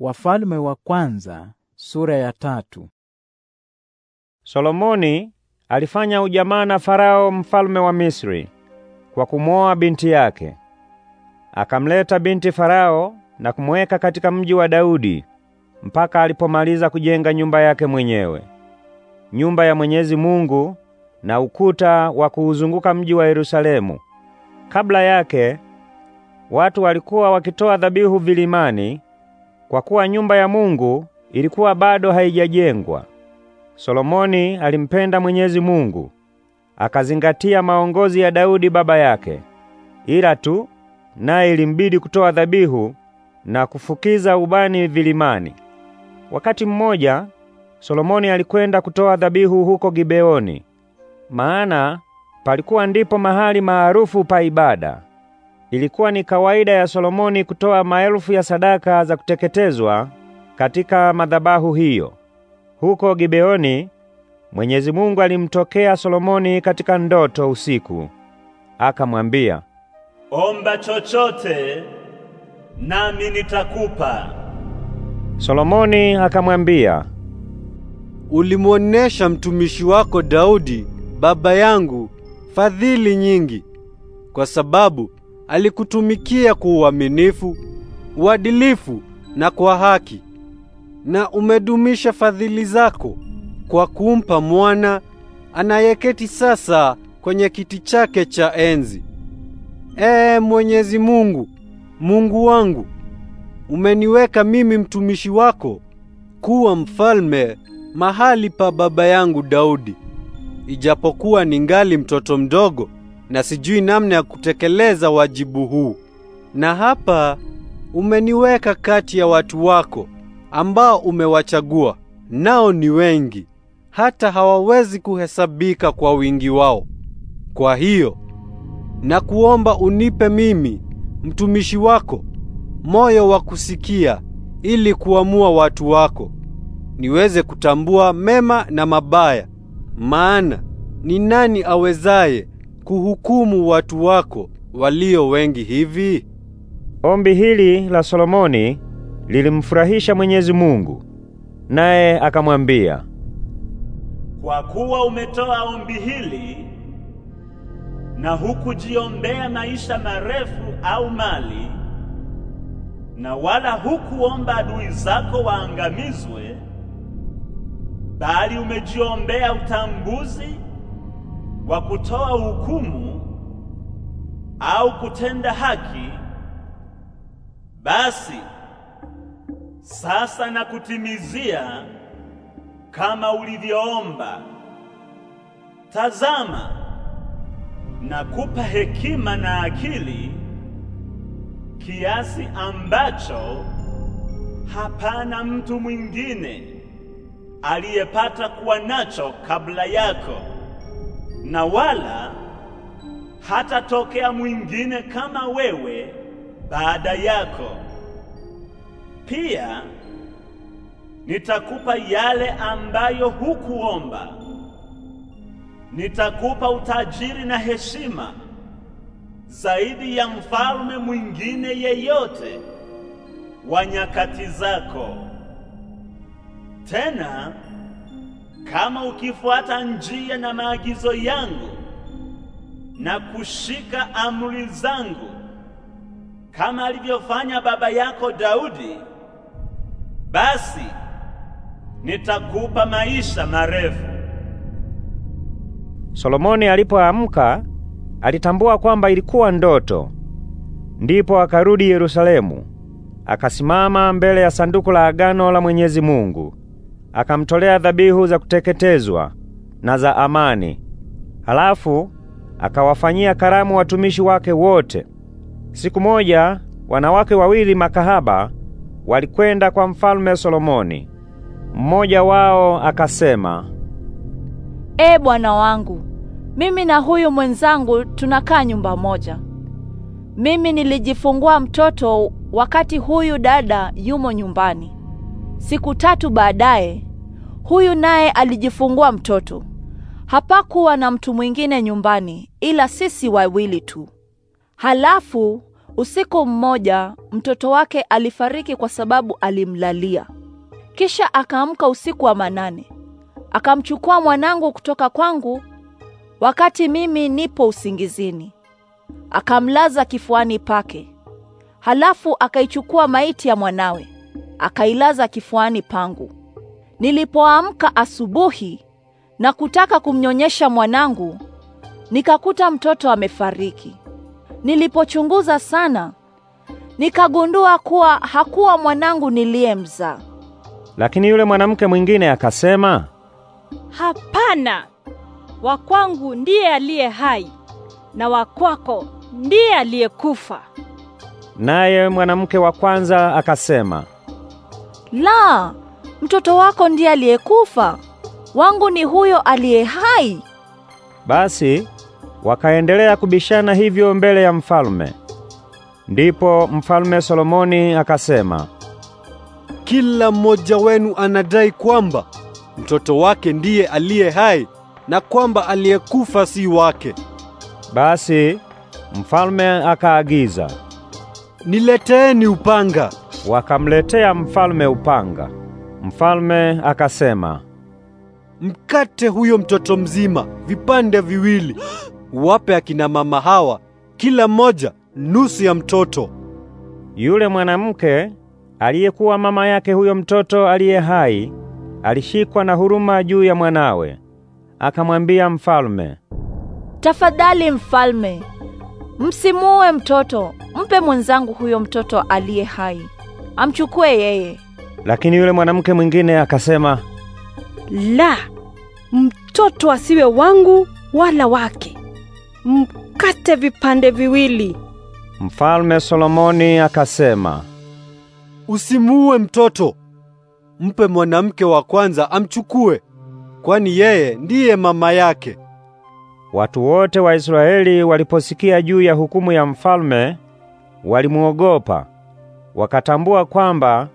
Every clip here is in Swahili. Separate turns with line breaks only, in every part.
Wafalme wa kwanza, sura ya tatu.
Solomoni alifanya ujamaa na Farao mfalme wa Misri kwa kumwoa binti yake. Akamleta binti Farao na kumweka katika mji wa Daudi mpaka alipomaliza kujenga nyumba yake mwenyewe, nyumba ya Mwenyezi Mungu na ukuta wa kuuzunguka mji wa Yerusalemu. Kabla yake watu walikuwa wakitoa dhabihu vilimani kwa kuwa nyumba ya Mungu ilikuwa bado haijajengwa. Solomoni alimpenda Mwenyezi Mungu, akazingatia maongozi ya Daudi baba yake. Ila tu naye ilimbidi kutoa dhabihu na kufukiza ubani vilimani. Wakati mmoja Solomoni alikwenda kutoa dhabihu huko Gibeoni, maana palikuwa ndipo mahali maarufu pa ibada. Ilikuwa ni kawaida ya Solomoni kutoa maelfu ya sadaka za kuteketezwa katika madhabahu hiyo. Huko Gibeoni, Mwenyezi Mungu alimtokea Solomoni katika ndoto usiku, akamwambia,
omba chochote nami nitakupa.
Solomoni akamwambia, ulimuonesha
mtumishi wako Daudi baba yangu fadhili nyingi, kwa sababu alikutumikia kwa uaminifu, uadilifu na kwa haki, na umedumisha fadhili zako kwa kumpa mwana anayeketi sasa kwenye kiti chake cha enzi. Ee Mwenyezi Mungu, Mungu wangu, umeniweka mimi mtumishi wako kuwa mfalme mahali pa baba yangu Daudi, ijapokuwa ningali mtoto mdogo na sijui namna ya kutekeleza wajibu huu. Na hapa umeniweka kati ya watu wako ambao umewachagua, nao ni wengi, hata hawawezi kuhesabika kwa wingi wao. Kwa hiyo nakuomba unipe mimi mtumishi wako moyo wa kusikia, ili kuamua watu wako, niweze kutambua mema na mabaya. Maana ni nani awezaye kuhukumu watu wako
walio wengi hivi? Ombi hili la Solomoni lilimfurahisha Mwenyezi Mungu, naye akamwambia,
kwa kuwa umetoa ombi hili na hukujiombea maisha marefu au mali, na wala hukuomba adui zako waangamizwe, bali umejiombea utambuzi wa kutoa hukumu au kutenda haki, basi sasa na kutimizia kama ulivyoomba. Tazama, nakupa hekima na akili kiasi ambacho hapana mtu mwingine aliyepata kuwa nacho kabla yako na wala hatatokea mwingine kama wewe baada yako. Pia nitakupa yale ambayo hukuomba, nitakupa utajiri na heshima zaidi ya mfalme mwingine yeyote wa nyakati zako. Tena kama ukifuata njia na maagizo yangu na kushika amri zangu kama alivyofanya baba yako Daudi, basi nitakupa maisha marefu.
Solomoni alipoamka alitambua kwamba ilikuwa ndoto. Ndipo akarudi Yerusalemu, akasimama mbele ya sanduku la agano la Mwenyezi Mungu akamtolea dhabihu za kuteketezwa na za amani. Halafu akawafanyia karamu watumishi wake wote. Siku moja wanawake wawili makahaba walikwenda kwa mfalme Solomoni. Mmoja wao akasema,
E bwana wangu, mimi na huyu mwenzangu tunakaa nyumba moja. Mimi nilijifungua mtoto wakati huyu dada yumo nyumbani. Siku tatu baadaye Huyu naye alijifungua mtoto. Hapakuwa na mtu mwingine nyumbani ila sisi wawili tu. Halafu usiku mmoja mtoto wake alifariki kwa sababu alimlalia. Kisha akaamka usiku wa manane, akamchukua mwanangu kutoka kwangu wakati mimi nipo usingizini, akamlaza kifuani pake. Halafu akaichukua maiti ya mwanawe akailaza kifuani pangu. Nilipoamka asubuhi na kutaka kumnyonyesha mwanangu, nikakuta mtoto amefariki. Nilipochunguza sana, nikagundua kuwa hakuwa mwanangu niliyemzaa.
Lakini yule mwanamke mwingine akasema,
hapana, wa kwangu ndiye aliye hai na wa kwako ndiye aliyekufa.
Naye mwanamke wa kwanza akasema,
la mtoto wako ndiye aliyekufa, wangu ni huyo aliye hai.
Basi wakaendelea kubishana hivyo mbele ya mfalme. Ndipo mfalme Solomoni akasema,
kila mmoja wenu anadai kwamba mtoto wake ndiye aliye hai na kwamba aliyekufa si wake. Basi
mfalme akaagiza, nileteeni upanga. Wakamletea mfalme upanga. Mfalme akasema, mkate
huyo mtoto mzima vipande viwili, uwape akina mama hawa kila
mmoja nusu ya mtoto. Yule mwanamke aliyekuwa mama yake huyo mtoto aliye hai alishikwa na huruma juu ya mwanawe, akamwambia mfalme,
tafadhali mfalme, msimuue mtoto, mpe mwenzangu huyo mtoto aliye hai, amchukue yeye.
Lakini yule mwanamke mwingine akasema,
la, mtoto asiwe wangu wala wake, mkate vipande viwili.
Mfalme Solomoni akasema,
usimuue
mtoto, mpe mwanamke wa kwanza amchukue, kwani yeye
ndiye mama yake. Watu wote wa Israeli waliposikia juu ya hukumu ya mfalme, walimuogopa, wakatambua kwamba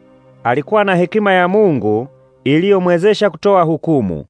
alikuwa na hekima ya Mungu iliyomwezesha kutoa hukumu.